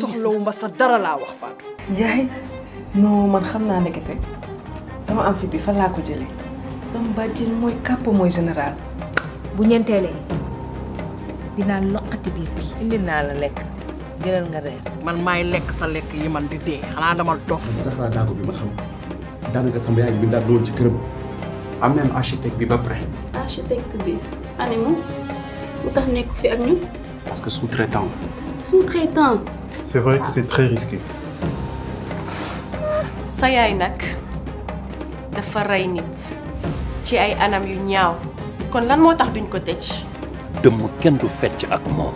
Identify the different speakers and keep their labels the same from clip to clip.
Speaker 1: soxlawu ma sa dara laa wax Fatou. yaay non man xam naa nekkete sama amphi bi fan laa ko jëlee sama bàjjen mooy kàpp mooy général. bu ñeenteelee dinaa loqati biir bi. indi naa la lekk jëlal nga reer. man maay lekk sa lekk yi man di dee xanaa dama dof. Zahra Daago bi ma xam
Speaker 2: daanaka sama yaay mi daal doon ci këram. am nañu architecte bi ba pare.
Speaker 1: architecte bi
Speaker 3: animu mu tax nekk fi ak ñun. parce que sous sous-traitant.
Speaker 4: C'est vrai que c'est très risqué.
Speaker 1: sa yaay nag dafa rey nit ci ay anam yu ñaaw kon lan moo tax duñ ko tëj.
Speaker 4: dëmm kenn du fecc ak moom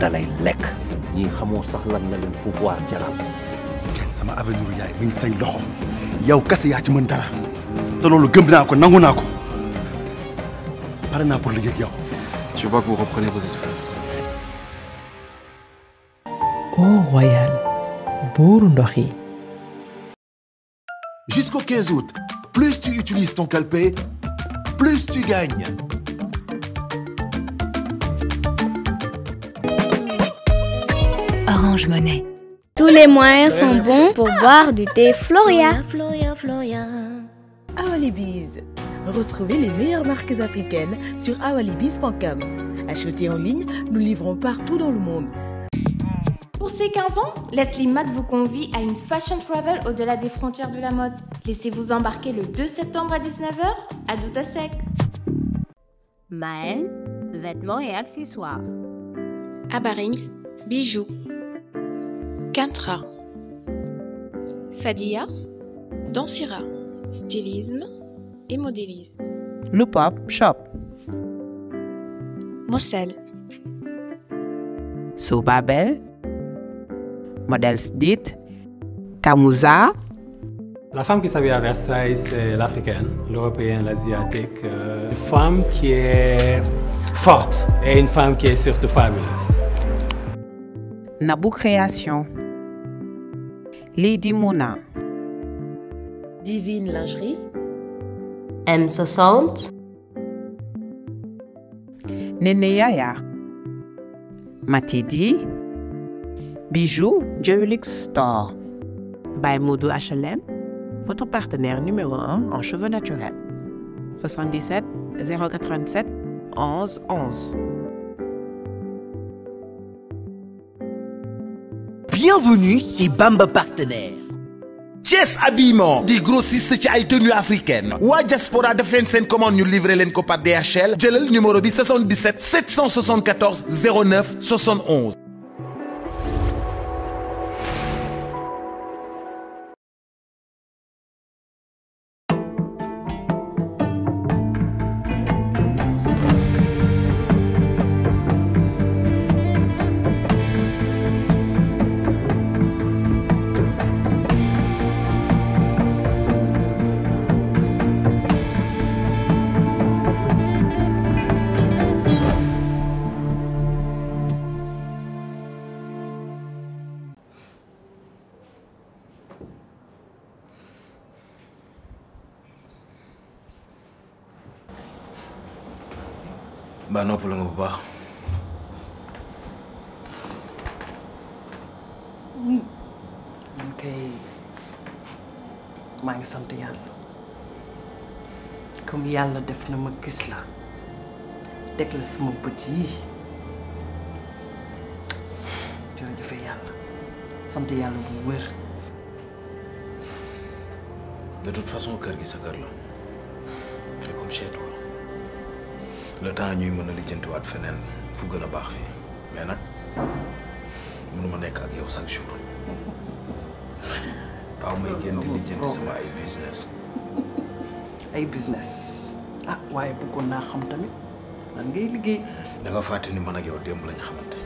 Speaker 4: dalay lekk. ñii xamoo sax lan la. leen pouvoir jaral. kenn sama avenir yaay mi ngi say loxo yow
Speaker 2: kese yaa ci mën dara te loolu gëm naa ko nangu naa ko pare naa pour liggéey ak yow. je vois que vous reprenez vos esprits
Speaker 1: au royal buuru
Speaker 2: jusqu'au 15 août plus tu utilises ton calpé plus tu gagnes
Speaker 1: Orange Monnaie tous les moyens sont bons pour ah. boire du thé Floria Floria Floria Awalibiz retrouvez les meilleures marques africaines sur awalibiz.com achetez en ligne nous livrons partout dans le monde
Speaker 3: pour ces 15 ans, Leslie Mack vous convie à une fashion travel au-delà des frontières de la mode. Laissez-vous embarquer le 2 septembre à 19h à Douta Sec. Maël, vêtements et accessoires. Abarings, bijoux. Quintra. Fadia, dansira, stylisme et modélisme.
Speaker 1: Le Pop Shop. Mossel. Sobabel, Modèles dits La
Speaker 4: femme qui s'habille à Versailles, c'est l'africaine, l'européenne, l'asiatique. Euh, une femme qui est forte et une femme qui est surtout fabuleuse. Nabou
Speaker 1: Création. Lady Mona. Divine Lingerie.
Speaker 3: M60.
Speaker 1: Neneyaya. Matidi. Bijoux Jewelix Store. By Modo HLM, votre partenaire numéro 1 en cheveux naturels. 77 087 11 11.
Speaker 2: Bienvenue chez Bamba Partenaire. Jess habillement dit grossiste ci Tenue tenues africaines à diaspora de 25 commandes, commande nous livrer leen DHL par DHL le numéro 77 774 09 71. ba noppalu nga bu baax.
Speaker 1: man maa ngi sant yàlla comme yàlla def na ma gis la teg la sama bët yii jërëjëf yàlla sant yàlla bu wér.
Speaker 2: de toute façon kër gi sa kër la c'est comme chez le temps ñuy mëna a lijjantiwaat fenen fu gëna bax fi fii mais nag mënuma nekk ak yow chaque jour paaw may gën di lijjanti sama ay business
Speaker 1: ay business ah waye bu ko na xam tamit lan ngay liggéey
Speaker 2: da nga faté ni man ak yow demb lañ xamanté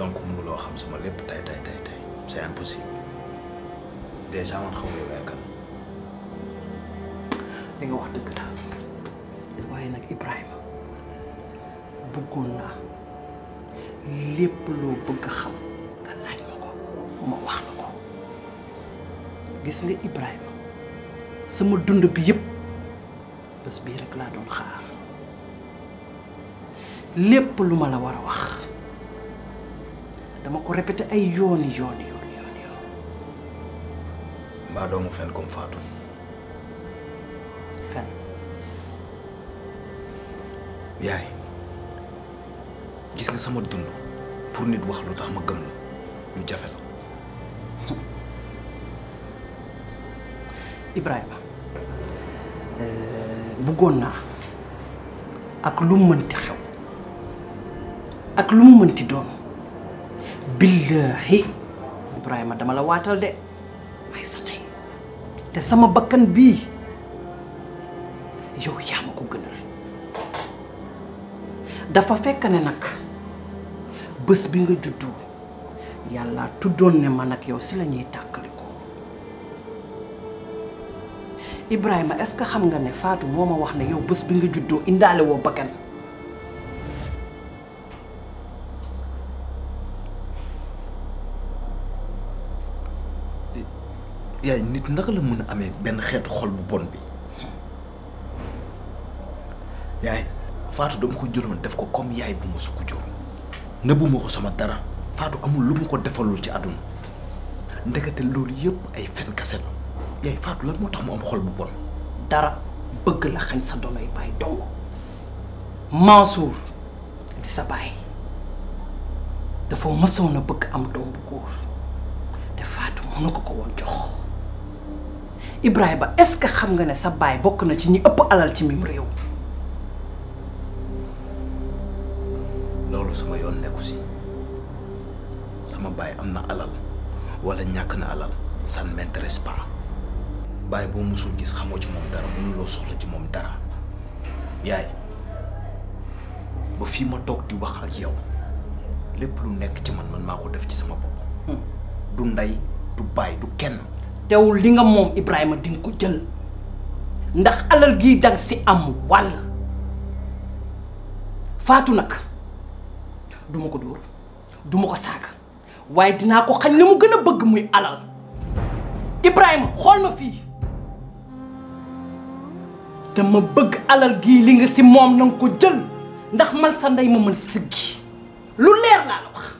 Speaker 2: donc mënu lo xam sama lepp tay tay tay tay c'est impossible déjà man xaw ma yow kan li nga wax dëgg la
Speaker 1: waaye nag Ibrahima bëggoon naa lépp loo bëgg xam nga laaj ma ko ma wax la ko gis nga Ibrahima sama dund bi yëpp bés bii rek laa doon xaar lépp lu ma la war a wax dama ko répété ay yooni
Speaker 2: yooni yooni yooni yoon mbaa doomu fen comme Fatou fen yaay sama dund pour nit wax lu tax ma gëm la lu jafe la
Speaker 1: Ibrahima euh, naa ak lu mu mënti xew ak lu mu mënti doon billahi Ibrahima dama la waatal de may sa ndey te sama bakkan bii yow yaa ma ko gënal dafa fekk ne nag bés bi nga juddu yàlla tuddoon ne man ak yow si la ñuy tàkkaliko Ibrahima est-ce que xam nga ne Fatou moo ma wax ne yow bés bi nga juddoo indaale woo bakkan
Speaker 2: yaay nit naka la mën a amee benn xeetu xol bu bon bi yaay Fatou dama ko jëloon def ko comme yaay bu ma su ko nëbbuma ko sama dara Faatu amul lu mu ko defalul ci àdduna ndekete loolu yëpp ay fen kase yaay Faatu lan moo tax mu am xol bu
Speaker 1: bon dara bëgg la xañ sa donoy baay dong Mansour di sa baay dafa mësoon a bëgg am doom bu góor te Faatu mënu ko ko woon jox Ibrahima est-ce que xam nga ne sa baay bokk na ci ñi ëpp alal ci mim réew
Speaker 2: loolu sama yon nekku si sama Bay amna alal wala ñak na alal ça ne m'intéresse pas bay bo musul gis xamoo ci mom dara lo soxla ci mom dara yaay ba fi ma tok di wax ak yow lepp lu nekk ci man man mako def ci sama bop hmm. du nday du bay du kenn teewul li nga mom Ibrahima ding ko jël
Speaker 1: ndax alal gi dang si am wal fatou nak du ma ko dóor du ma ko saaga waaye dinaa ko xañ li mu gën a bëgg muy alal Ibrahima xool ma fii dama bëgg alal gii li nga si moom na nga ko jël ndax man sa ndey ma mën siggi lu leer laa la wax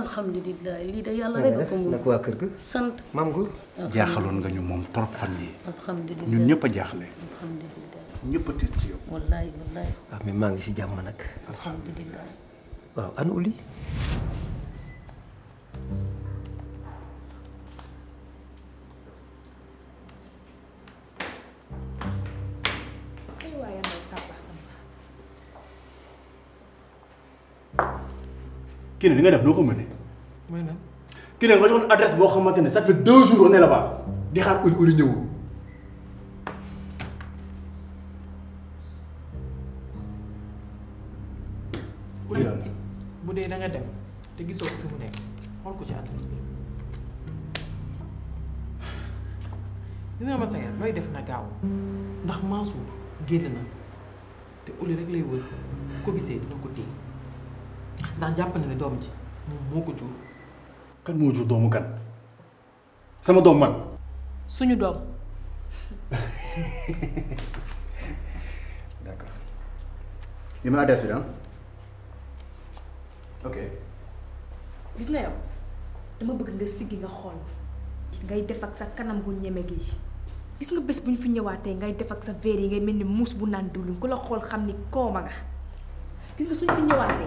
Speaker 3: alhamdulilah lii de yàlla rek a ko mun
Speaker 4: nag waa kër ga sant maam Gour jaaxaloon nga ñu moom trop fan yi
Speaker 3: alhamdulilah ñun ñëpp a jaaxle alhamdulilah ñëpp a tiit ci yow wallaay wallaay
Speaker 4: ah, waaw maa ngi si jàmm nag
Speaker 3: alhamdulilah
Speaker 4: waaw ana uli
Speaker 2: kii ne li nga def doo ko mënee. mooy lan kii ne nga joxoon adresse boo xamante ne ça fait deux jours on est là di xaar uri uri ñëwul. bu dee da nga dem te gisoo fi mu nekk xool ko ci adresse bi.
Speaker 1: gis nga ma sa looy def na gaaw ndax Mansour génn na te uli rek lay wër ko gisee dina ko téye. ndax jàpp na ne dom ci
Speaker 2: moko jur kan mo jur domu kan sama dom man
Speaker 1: suñu dom d'accord
Speaker 2: li ma adresse bi da ok
Speaker 3: gis na yow dama bëgg nga siggi nga xol ngay def ak sa kanam gu ñeme gi
Speaker 1: gis nga bés buñ fi ñëwaaté ngay def ak sa verre yi ngay melni ni bu naan diwlin la xol xamni ni nga gis nga suñ fi ñëwaaté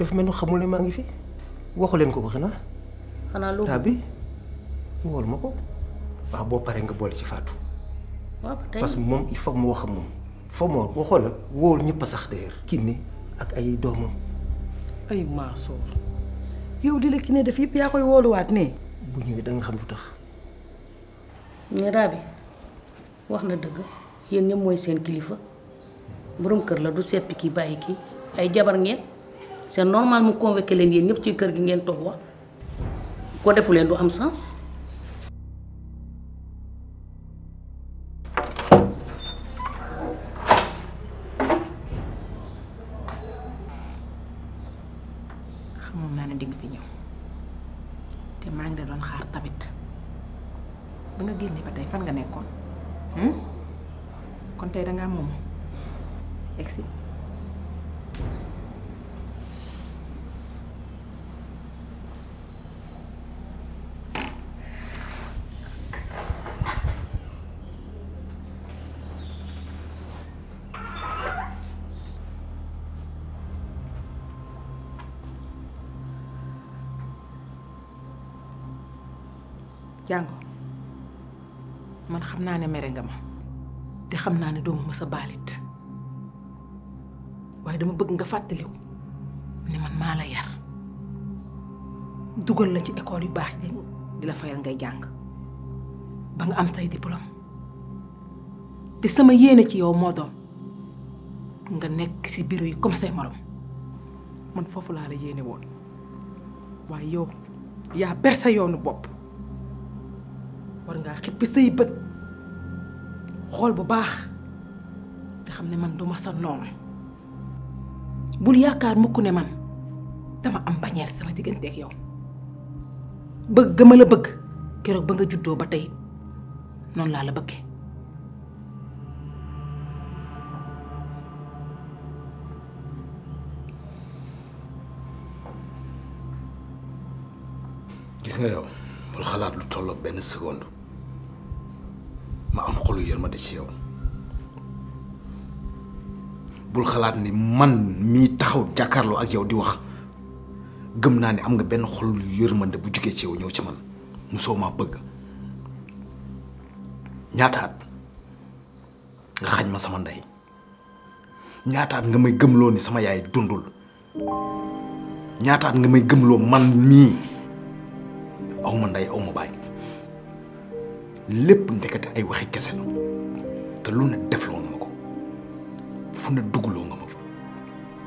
Speaker 4: dafa melni xamul ne maa ngi fi waxu leen ko ko xanaa. xana lu rabbi wol mako ba bo pare nga bol ci Fatou.
Speaker 1: waaw
Speaker 3: tay parce mom
Speaker 4: il faut mo wax mom fo mo boo xol wóol ñëpp a sax d'ailleurs. kinni ak ay doomam.
Speaker 1: ay ma Mansour yow di la kinne def yep ya koy wolu wat ne.
Speaker 4: bu ñewi da nga xam lutax
Speaker 3: ni rabbi wax na deug yeen ñe moy seen kilifa borom keur la du seppi ki bàyyi kii ay jabar ngeen. c'est normal mu convoqué leen yéen ñëpp ci kër gi ngeen toog wax ko defu leen du am sens
Speaker 1: jàngo man xam naa ne mere nga ma te xam naa ne dooma mës a baalit waaye dama bëgg nga fàttaliw ne man maa la yar dugal la ci école yu baax yi di la fayal ngay jàng ba nga am say diplôme te sama yéene ci yow moo doon nga nekk ci bureau yi comme say morom man foofu laa la yéene woon waaye yaa ber sa yoonu bopp war ngaa xippi say xool bu baax te xam ne man duma sa noonu bul yaakaar mukk ne man dama am bañeel sama diggante ak yow bëgg gëma la bëgg keroog ba nga juddoo ba tey noonu laa la bëggee
Speaker 2: gis nga yow bul xalaat lu tollook benn seconde ma am xolu yërmande ci yow bul xalaat ni man mi taxaw jakarlo ak yow di wax gem na ni am nga xol xolu yërmande bu jugee ci yow ñew ci man muso ma bëgg ñaataat nga xañ ma sama nday ñaataat nga may lo ni sama yaay dundul ñaataat nga may lo man mi aw ma ndey aw ma bàyyi lépp ndekete ay waxi kese la te lu ne defloo nga ma ko fu ne dugloo nga ma fa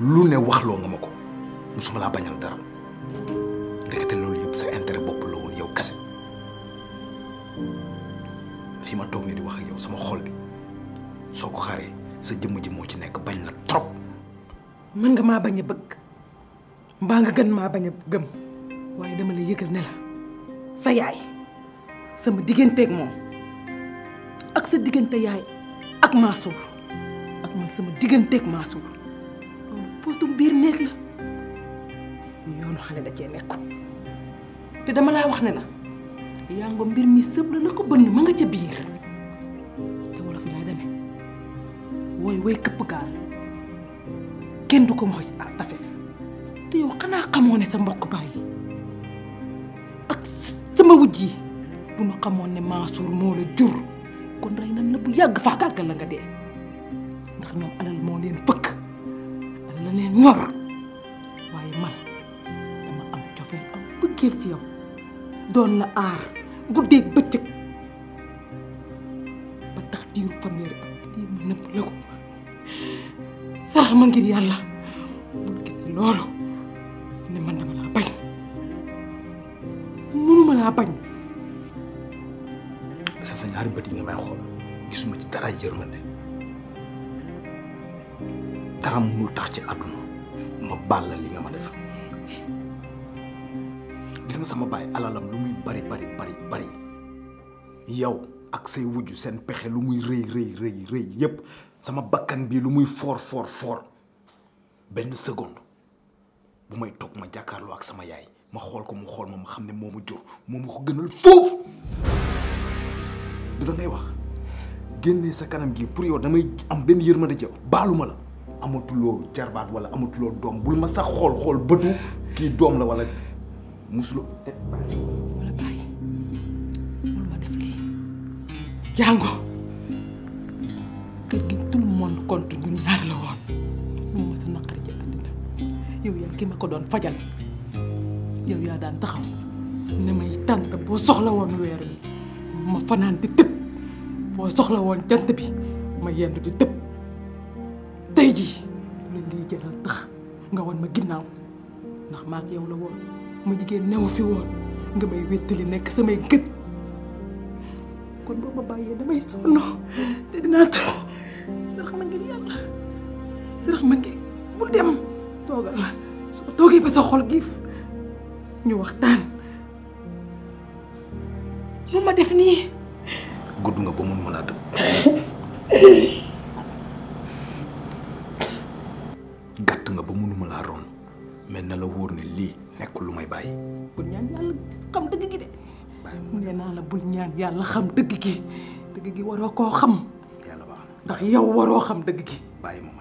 Speaker 2: lu ne waxloo nga ma ko musuma laa bañal dara ndekete loolu yëpp sa intérêt bopp la woon yow kese fii ma toog nii di wax ak yow sama xol bi soo ko xaree sa jëmm ji moo ci nekk bañ la trop.
Speaker 1: mën nga maa bañ a bëgg mbaa nga gën maa bañ a gëm waaye dama la yëgal ne la sa yaay. sama digganteeg moom ak sa diggante yaay ak Mansour ak man sama digganteeg Mansour loolu biir néeg la yoonu xale da cee nekku te dama laa wax ne la yaa nga mbir mi sëb la la ko bënn ma nga ca biir te wolof daa demee wooy woy këpp gaal kenn du ko mox ci tafes te yow xanaa xamoo ne sa mbokk bàyyi ak sama wujj yi bu nu xamoon ne Mansour moo la jur kon rey nan la bu yàgg faagaagal la nga dee ndax ñoom alal moo leen alal la leen waaye man am cofeel am bëggeel ci yow doon la aar guddeeg bëccëg ba tax diiru fanweeri at lii ma nëbb la sarax ma ngir yàlla
Speaker 2: ak say wujj seen pexe lu muy rëy rëy rëy rëy yépp sama bakkan bi lu muy foor foor foor benn seconde bu may toog ma jàkkaarloo ak sama yaay ma xool ko mu xool ma ma xam ne moo ma jur moo ma ko gënal foofu du dangay ngay wax génnee sa kanam gi pour yow damay am benn yërmande ci yow baalu ma la amatuloo jarbaat wala amatuloo doom bul ma sax xool xool bëtu kii doom la wala musuloo
Speaker 1: jàngo kër gi tout le monde compte la woon lu ma sa naqari ci àddina yow yaa ki ma ko doon fajal yow yaa daan taxaw ne may tànt boo soxla woon weer bi ma fanaan di tëb boo soxla woon jant bi ma yendu di tëb tey jii la lii jaral tax nga woon ma ginnaaw ndax maa ak yow la woon ma jigéen newu fi woon nga may wéttali nekk samay gët kun boobu ma bàyyee may sonn te dinaa taw sarax man ngir yàlla sarax ma ngir bul dem toogal la soo toogee ba sa xol giif ñu waxtaan bu ma def nii
Speaker 2: gudd nga ba mun mën a dëpp gàtt nga ba munuma laa ron mais na la wóor ne lii nekkul lu may bàyyi.
Speaker 1: bu ñaan yàlla xam dëgg gi de Je ne naa la bul ñaan yàlla xam dëgg gi dëgg gi waroo koo xam.
Speaker 2: yàlla baax na ndax yow waroo xam dëgg gi. bàyyi ma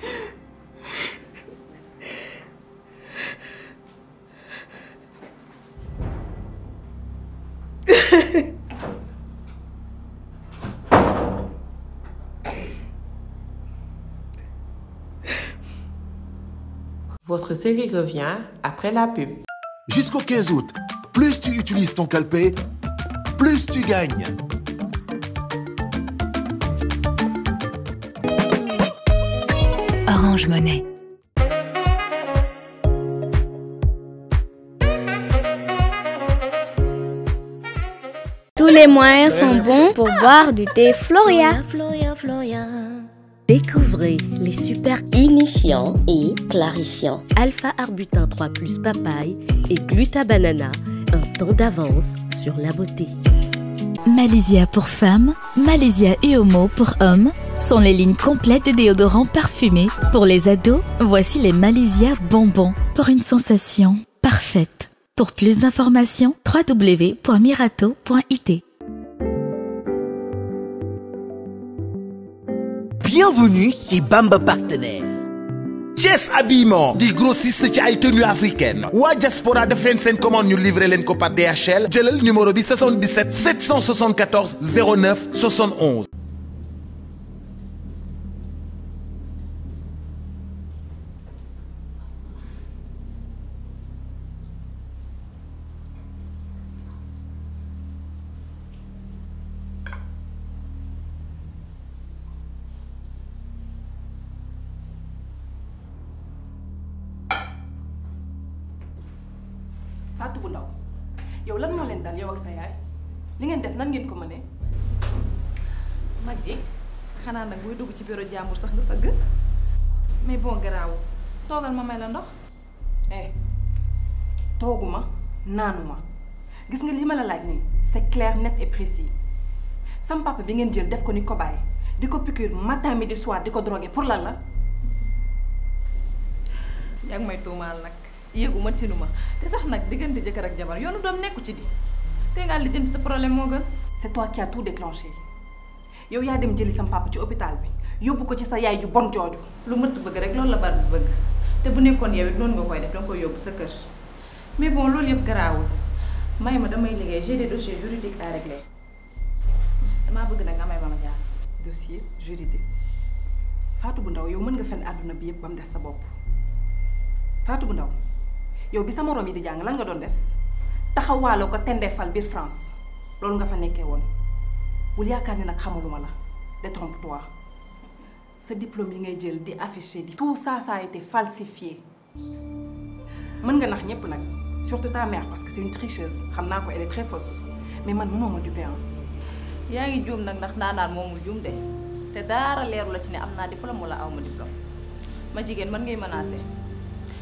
Speaker 1: Votre série revient après la pub.
Speaker 2: Jusqu'au 15 août, plus tu utilises ton calpé, plus tu gagnes. Orange Monnaie.
Speaker 3: Tous les moyens sont bons pour boire du thé Floria. Découvrez les super unifiants et clarifiants. Alpha arbutin 3 plus papaye et gluta banana d'avance sur la beauté. Malaysia pour femmes, Malaysia Uomo pour hommes sont les lignes complètes de déodorants parfumés. Pour les ados, voici les Malaysia bonbons pour une sensation parfaite. Pour plus d'informations, www.mirato.it.
Speaker 2: Bienvenue chez Bamba Partenaire. Thiès habillement di grossiste ci ay tenues africaines waa diaspora def leen seen commande ñu livré leen ko par DHL jëlal numéro bi 77 774 09 71
Speaker 1: yow lan mo len dal yow ak sa yaay li ngeen def nan ngeen ko mané mag ji xanaa nag booy dugg ci bureau jambour sax nga fagg mais bon graw togal ma may la ndox eh toguma nanuma gis nga li ma la laaj ni c'est clair net et précis sam papa bi ngeen jël def ko ni ko bàyyi di piqûre matin midi soir di droguer pour lan la yak may tomal nak yéeguma tinuma te sax nag diggante jëkkër ak jabar yoonu doom nekku ci di te li lijjanti sa problème moo gën. c'est toi qui a tout déclenché yow yaa dem jëli sam papa ci hôpital bi yóbbu ko ci sa yaay ju bon jooju. lu mëtt bëgg rek loolu la bar bi bëgg te bu nekkoon yow it noonu nga koy def danga koy yóbbu sa kër mais bon loolu yëpp garaawul may ma damay liggéey j'ai des dossiers juridiques à régler damaa bëgg nag nga may ma ma jaar dossier juridique bu ndaw yow mën nga fenn àdduna bi yëpp ba des sa bopp Fatou ndaw. yow bi sama moroom yi di jàng lan nga doon def taxawaale ko tendeefal biir France loolu nga fa nekkee woon bul yaakaar ni nag xamaluma la détrompe-toi sa diplôme yi ngay jël di affiché di tout ça ça a été falsifié mën nga nax ñépp nag surtout ta mère parce que c'est une tricheuse xam naa ko elle est très fausse mais man mënoo ma dupé am hein. yaa ngi juum nag ndax ndaanaan moomul juum de te daara leeru la ci ne am naa diplôme wala aw ma diplôme ma jigéen mën ngay menacer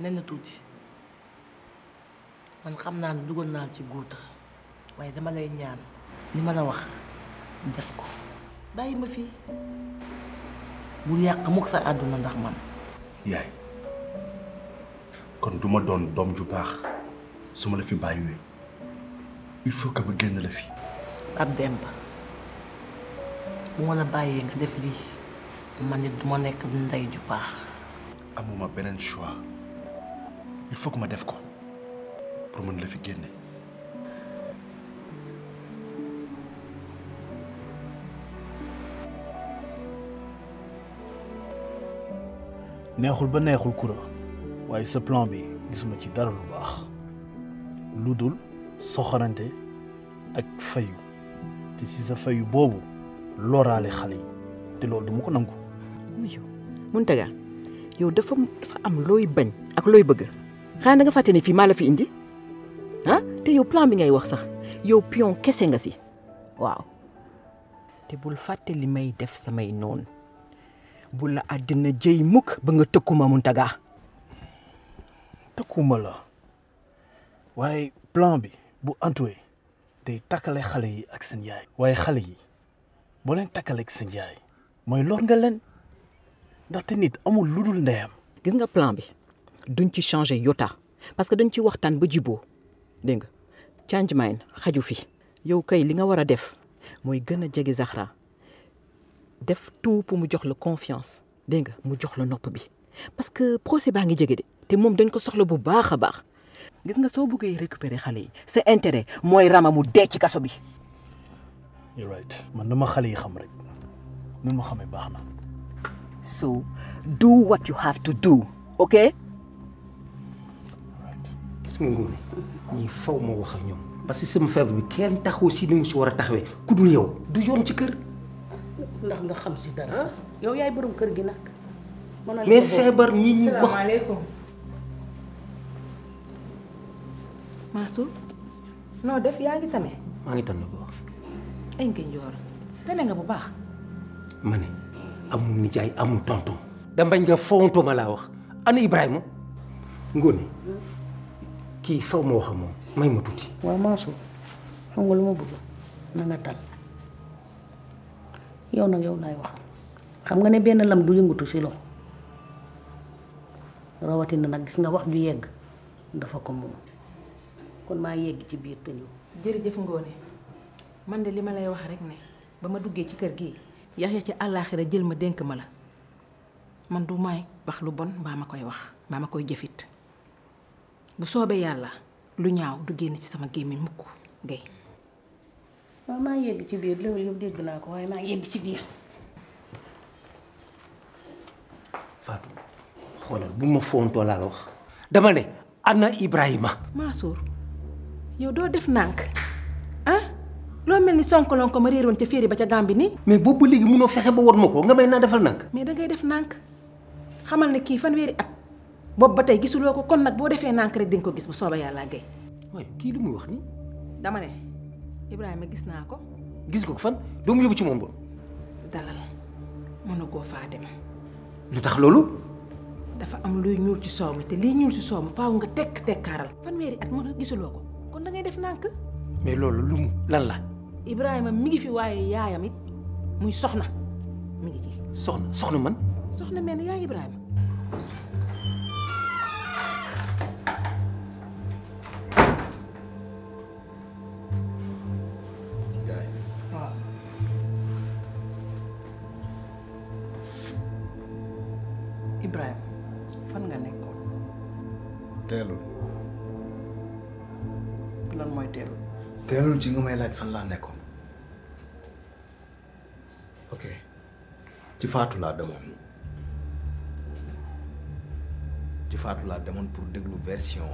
Speaker 1: nenn tuuti man xam naa ne dugal ci goota waye dama lay ñaan ni ma la wax def ko bayima fi bu bul mu ko sa aduna ndax man
Speaker 2: yaay kon duma don dom ju bax suma la fi bàyyiwee il faut que ma genn la fi
Speaker 1: ab demb bu ma la nga def li man nit duma nek ndey
Speaker 2: ju bax amuma benen choix il faut que ma def ko pour mën la fi génne. neexul ba neexul kura waaye sa plan bi gisuma ci dara lu baax lu dul soxorante ak fayu te si sa fayu boobu loraale xale yi te loolu duma ko nangu. yow
Speaker 1: Mountaga yow dafa dafa am looy bañ ak looy bëgg. xanaa da nga fàtte ne fii maa la fi indi ah te yow plan bi ngay wax sax yow pion kese nga si waaw. te bul fàtte li may def samay noon bu la àddina
Speaker 2: jëy mukk ba nga tëkkuma Mountaga. tëkkuma la waaye plan bi bu antuwee day takkale xale yi ak seen waaye xale yi boo leen takkale ak seen mooy lor nga leen ndaxte
Speaker 1: nit amul lu dul ndeyam. gis nga plan bi. duñ ci changer yota parce que dañ ci waxtaan ba jiboo deng change mind xaju fi yow kay li nga wara def moy gëna a Zahra def tout pour mu jox la confiance deng mu jox la nopp bi parce que procès ba nga jege dé té mom dañ ko soxla bu baaxa baax gis nga so bëggee récupérer xalé yi sa intérêt moy rama dé ci kasso bi you're right man dama xalé yi xam rek nu ma baax na so do what you have to do okay
Speaker 4: gis nga ngoone ñi faw ma wax ak ñom parce que sama feebar bi kenn taxo si ni mu ci wara taxawé ku dul yow du yon ci kër ndax nga xam ci dara sax
Speaker 3: yow yaay borom kër gi nak
Speaker 1: mais feebar ñi ñi wax salaamaaleykum Mansour noo def yaangi tamé
Speaker 4: ma ngi tane boo
Speaker 1: ay nga njoor tane nga bu baax
Speaker 4: mané amu ni jaay amu tonton da bañ nga fontuma la wax ana Ibrahima ngóone kii faw ma wax ak moom may ma tuuti.
Speaker 3: waaw Mansour xam nga lu ma bëgg na nga yow nag yow laay waxal xam nga ne benn lam du yëngatu si loxo rawatina nag gis nga wax ju yegg dafa ko moom
Speaker 1: kon maa yegg ci biir te ñëw. jërëjëf Ngoné man de li ma lay wax rek ne ba ma duggee ci kër gi yax ci àllaaxira jël ma dénk ma la man du may wax lu bon mbaa ma koy wax mbaa ma koy jëfit. bu soobee yàlla lu ñaaw du génn ci sama gémmiñ mukk gay waaw maa ngi ci
Speaker 3: biir dégg naa ko waaye maa ngi yegg biir
Speaker 4: Fatou xoolal bu ma fontoo laa la wax dama ne ana Ibrahima Mansour
Speaker 1: yow doo def nànk ah loo mel ni sonkaloon ko ma
Speaker 4: réeroon ca féeri ba ca Gàmbi nii mais boobu léegi munoo fexe ba war ma ko nga may naa defal nànk
Speaker 1: mais dangay def nànk xamal ne kii fanweeri at boobu ba tey gisuloo ko kon nag boo defee nànk rek di nga ko gis bu soobee yàlla gay
Speaker 4: waaye kii lu muy wax nii.
Speaker 1: dama ne Ibrahima gis naa ko.
Speaker 4: gis nga ko fan doo mu ci moom bon.
Speaker 1: dalal mën a koo lu tax loolu. dafa am luy ñuul ci soow mi te liy ñuul ci soow mi faaw nga tekk tekkaaral. fanweeri at mën a gisuloo ko kon da def nànk.
Speaker 4: mais loolu lu mu lan la.
Speaker 1: Ibrahima mi ngi fi waaye yaayam it muy soxna
Speaker 4: mu ngi ci. soxna soxna man.
Speaker 1: soxna mel ni yaay Ibrahima.
Speaker 2: ci nga may laaj fan laa nekkoon ok ci faatu laa demoon ci faatu laa demoon pour déglu version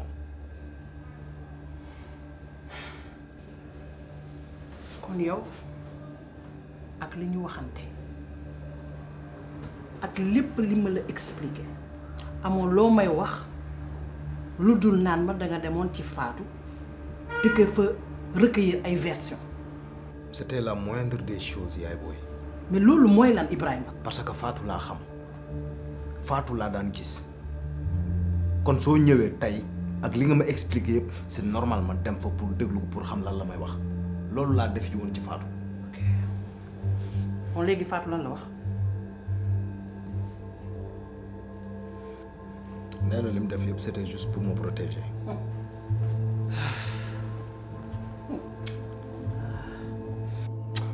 Speaker 1: kon yow ak li ñu waxante ak lépp li ma la expliqué amoon loo may wax lu dul naan ma danga demoon ci faatu dëkk fa recueillir une version.
Speaker 2: c'était la moindre des choses Mais ce mais loolu mooy lan Ibrahim. parce que Fatou l'a xam Fatou l'a daan gis kon ak li expliqué c'est normalement dem fa pour déglu pour la wax dire. à def que ci Fatou. ok bon Fatou c'était juste pour me protéger.
Speaker 1: Hum.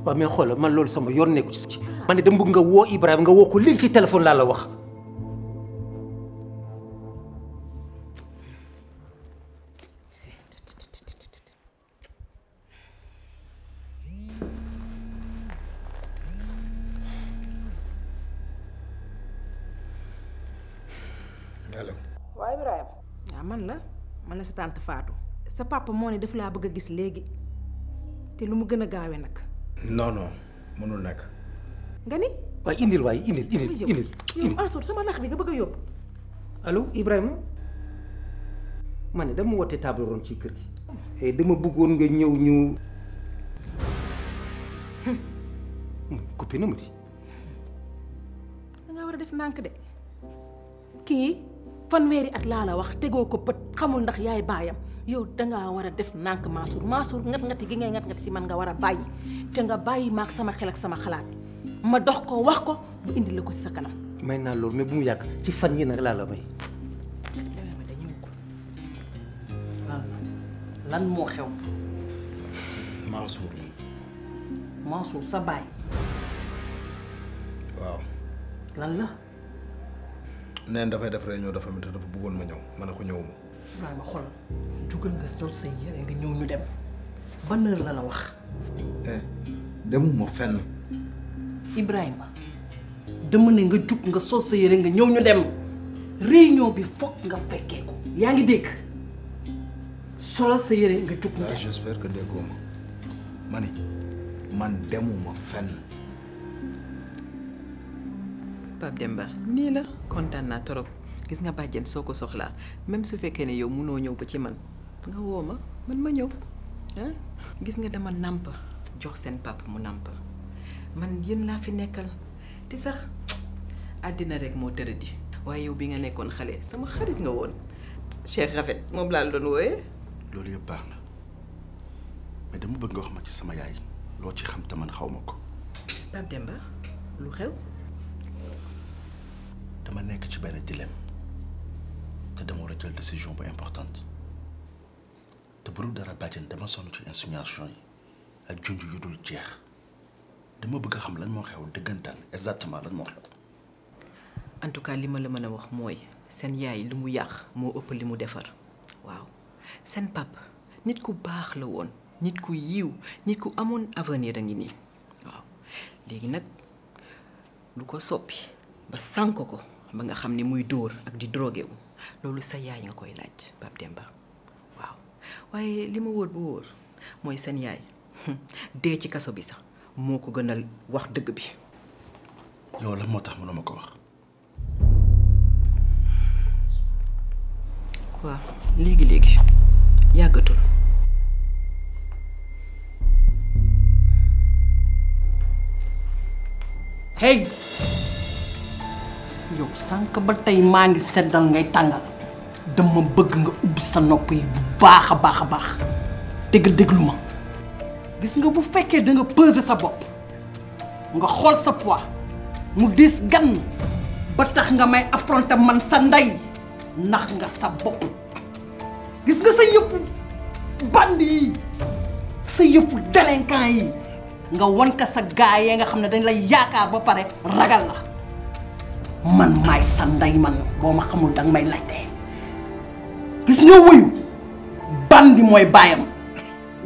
Speaker 4: waaw mais xol man loolu sama yor nekku ci. man ne dama bëgg nga wo ibrahim nga wo ko léegi ci téléphone la la wax.
Speaker 2: allo.
Speaker 1: waaw Ibrahima. waaw man la man sa tante Fatou. sa papa mo ne daf la bëgg gis légui té lu mu gën a gaawee
Speaker 2: non
Speaker 4: non mënul nekk. nga ni. waaye indil waaye indil indil indil.
Speaker 1: yow Mansour sama lax
Speaker 4: bi nga bëgg a yóbbu. allo Ibrahima ma ne dama woote table ronde ci kër gi. Eh, dama bëggoon nga ñëw ñu. coupé na ma di.
Speaker 1: war a def nànk de kii fanweeri at laa la wax tegoo ko pët xamul ndax yaay baayam. yo nggak nga wara def nank Mansour Mansour ngat ngat gi ngay ngat-ngati si man nga wara bayyi maksa te nga bayyi mak sama xel ak sama xalaat ma dox ko wax ko bu indi lako ci sa kanam
Speaker 4: may na lool mais bu mu yak ci fan yi nak la la may ah,
Speaker 1: lan mo xew Mansour Mansour sa bay waaw lan la
Speaker 2: da fay def da dafa mi dafa bëggoon ma ma ko ñewuma
Speaker 1: Ibrahima xool jugal yére nga ñëw ñu dem ban heure la la wax.
Speaker 2: Eh, demuma fenn.
Speaker 1: Ibrahima nga jug nga sol sa yére nga ñëw ñu dem réunion bi foog nga fekkee ko yaa ngi dégg
Speaker 2: solal sa yére nga jug ñu ah, dem. j'espère que déggoo ma ma ne man demuma fenn. Pape Demba
Speaker 1: nii la kontaan naa trop. gis nga bàjjen soo ko soxlaa même su fekkee ne yow munoo ñëw ba ci man nga woo ma man ma ñëw gis nga dama nàmp jox seen papa mu nàmp man yéen laa fi nekkal te sax àddina rek moo tëradi waaye yow bi nga nekkoon xale sama xarit nga woon Cheikh Rafet moom laa la doon wooyee.
Speaker 2: loolu yëpp baax na mais dama bëgg nga wax ma ci sama yaay loo ci xam te man xaw ma ko. Pape Demba lu xew. dama nekk ci benn dilemme. te dama war a jël décision bu importante te bu dul dara bàjjen dama sonn ci insinuation yi ak junj yu dul jeex dama bëgg a xam lan moo xew dëggantaan exactement lan moo xew.
Speaker 1: en tout cas li ma la mën a wax mooy seen yaay lu mu yàq moo ëpp li mu defar waaw seen pap nit ku baax la woon nit ku yiw nit ku amoon avenir a ngi nii waaw léegi nag lu ko soppi ba sànk ko ba nga xam ne muy dóor ak di drogué loolu sa yaay nga koy laaj Pape Demba waaw waaye li ma wóor bu wóor mooy seen yaay dee ci kaso bi sax moo
Speaker 2: ko gënal wax dëgg bi yow la moo tax mënuma ko wax
Speaker 1: waaw léegi-léegi yàggatul yow sànq ba tey maa ngi seddal ngay tàngal dama bëgg nga ubbi sa nopp yi bu baax a baax a baax dégg déglu ma gis nga bu fekkee da nga peser sa bopp nga xool sa poids mu diis gan ba tax nga may affronter man sa ndey ndax nga sa bopp gis nga sa yëpp band yi sa yëpp délinquant yi nga wan ka sa gaa yee nga xam ne dañ lay yaakaar ba pare ragal la man maay sa ndey man boo ma xamul danga may laajte gis nga wuyu bandi mooy baayam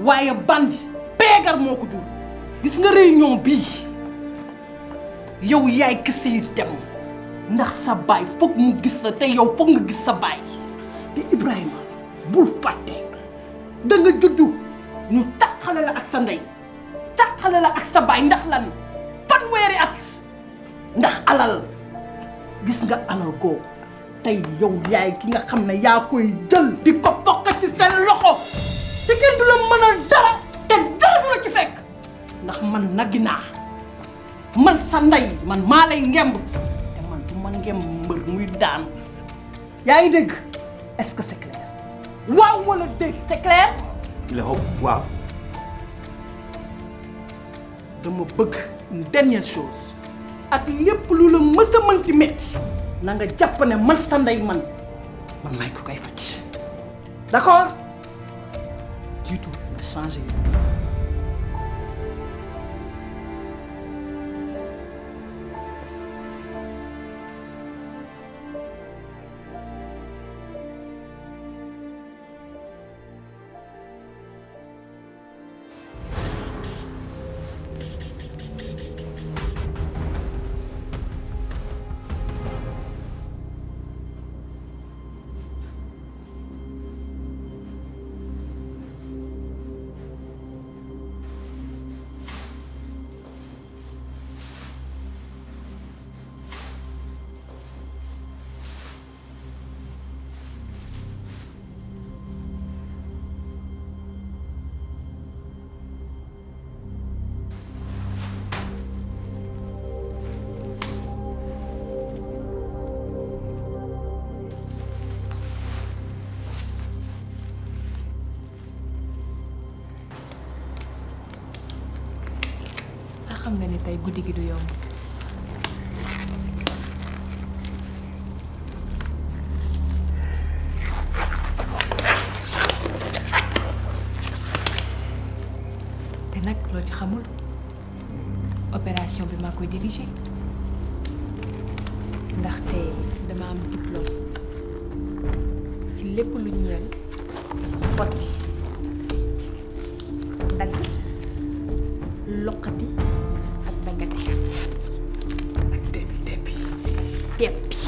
Speaker 1: waaye bandi beegar moo ko jur gis nga réunion bii yow yaay kese yu dem ndax sa baay foog mu gis la te yow foog nga gis sa baay te Ibrahima bul fàtte da juddu ñu taqale la ak sa ndey taqale la ak sa baay ndax lan fanweeri at ndax alal gis nga alal googu tey yow yaay ki nga xam ne yaa koy jël di ko ci seen loxo te kenn du la mënal dara te dara du la ci fekk ndax man naggi naa man sa ndey man maa lay ngemb te man du ngemb mbër muy daan yaa ngi dégg est-ce que c'est clair waaw wala déet c'est clair dama bëgg une dernière chose ak lépp lu la mës a mënti métti na nga jàpp ne sa ndey man man may ko koy faj d'accord jiitu nga changé yi te
Speaker 3: nag loo ci xamul opération bi ma koy diriger ndaxte
Speaker 1: dama am diplôme ci lépp lu ñeel xotti dagg loqati
Speaker 3: 点评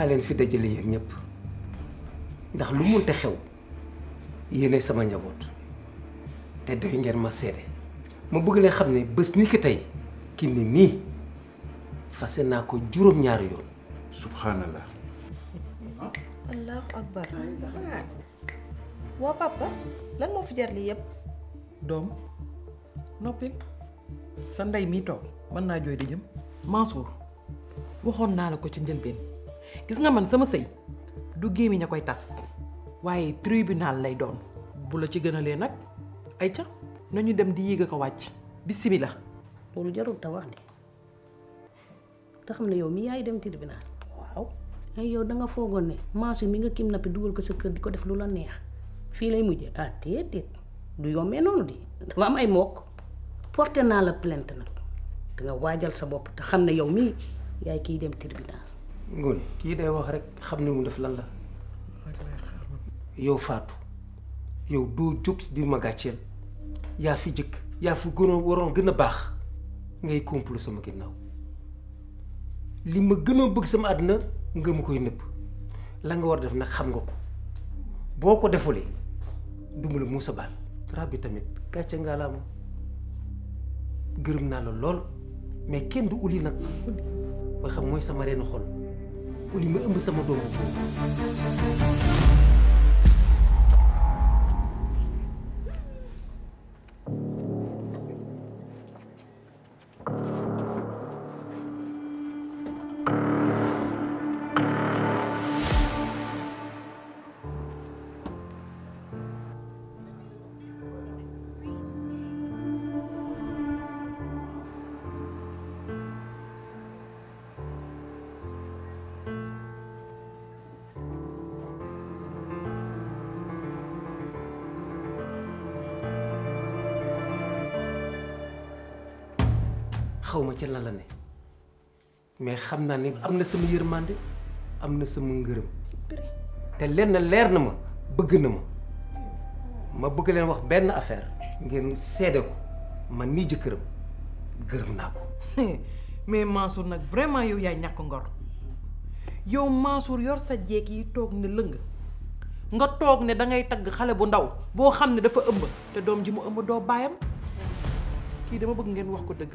Speaker 4: maa leen fi dajale yeen ñëpp ndax lu munte xew yéene sama njaboot te doy ngeen ma seede ma bëgg leen xam ne bés ni ki tey ni fase naa ko juróom-ñaari yoon subhanallah
Speaker 1: allahu akbar waa papa lan moo fi jar lii yëpp doom noppil sa ndey mii toog mën naa jooy di jëm Mansour waxoon naa la ko ci njëlbeen gis nga man sama sey du gemi ñakoy tas waye tribunal lay doon bu la ci gënalé nak ay ca nañu dem di yéeg wacc ko wàcc bisimila loolu jarul ta wax de
Speaker 3: te yow mi yaay dem tribunal waw ay eh, yow da nga fogoné marché mi nga kim nappi dugal ko sa kër di def lu la neex fi lay mujjé ah tété du yomé nonu di dama am ay mok porté na la plainte nak da nga wajal sa bop te yow mi yaay ki dem tribunal
Speaker 4: ngoon ki day wax rek xamni mu def lan la yow fatou yow doo di ma yafijik, yaa fi jëkk ya fu gënoon woron gëna bax ngay complot sama ginnaw li ma gën bëgg sama adna nga mu koy nepp la nga war def nak xam nga ko boko defulé dumul musa bal rabbi tamit nga la mo gërëm na la lool mais kenn du uli nak ba xam moy sama reenu xol uli ma ëmb sama doomu boobu ci lan la ne mais xamna ni amna sama yermande amna sama ngeureum té lén na ma bëgg na ma ma bëgg lén wax ben affaire ngeen sédé ko man mii jëkkëram gërëm naa
Speaker 1: mais Mansour nak vraiment yow yaay ñak ngor yow Mansour yor sa jeeg yi tok ni leung nga tok ne da ngay tag xalé bu ndaw bo xam dafa ëmb té dom ji mu ëmb do bayam ki dama bëgg ngeen wax ko deug